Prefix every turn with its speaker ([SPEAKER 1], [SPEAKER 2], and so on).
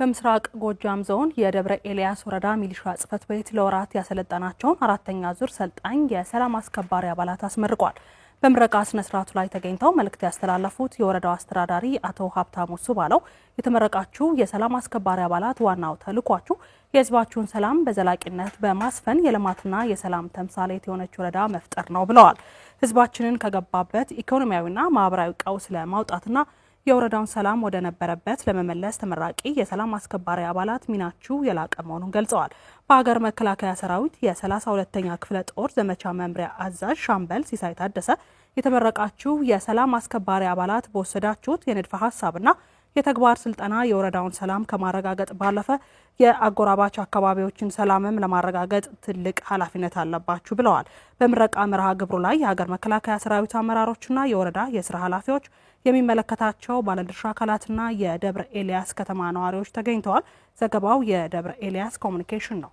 [SPEAKER 1] በምስራቅ ጎጃም ዞን የደብረ ኤልያስ ወረዳ ሚሊሻ ጽፈት ቤት ለወራት ያሰለጠናቸውን አራተኛ ዙር ሰልጣኝ የሰላም አስከባሪ አባላት አስመርቋል። በምረቃ ስነ ስርዓቱ ላይ ተገኝተው መልእክት ያስተላለፉት የወረዳው አስተዳዳሪ አቶ ሀብታሙ ሱ ባለው የተመረቃችሁ የሰላም አስከባሪ አባላት ዋናው ተልኳችሁ የህዝባችሁን ሰላም በዘላቂነት በማስፈን የልማትና የሰላም ተምሳሌት የሆነች ወረዳ መፍጠር ነው ብለዋል። ህዝባችንን ከገባበት ኢኮኖሚያዊና ማህበራዊ ቀውስ ለማውጣትና የወረዳውን ሰላም ወደ ነበረበት ለመመለስ ተመራቂ የሰላም አስከባሪ አባላት ሚናችሁ የላቀ መሆኑን ገልጸዋል። በሀገር መከላከያ ሰራዊት የ 32 ክፍለ ጦር ዘመቻ መምሪያ አዛዥ ሻምበል ሲሳይ ታደሰ የተመረቃችሁ የሰላም አስከባሪ አባላት በወሰዳችሁት የንድፈ ሀሳብና የተግባር ስልጠና የወረዳውን ሰላም ከማረጋገጥ ባለፈ የአጎራባች አካባቢዎችን ሰላምም ለማረጋገጥ ትልቅ ኃላፊነት አለባችሁ ብለዋል። በምረቃ መርሃ ግብሩ ላይ የሀገር መከላከያ ሰራዊት አመራሮችና የወረዳ የስራ ኃላፊዎች፣ የሚመለከታቸው ባለድርሻ አካላትና የደብረ ኤልያስ ከተማ ነዋሪዎች ተገኝተዋል። ዘገባው የደብረ ኤልያስ ኮሚኒኬሽን ነው።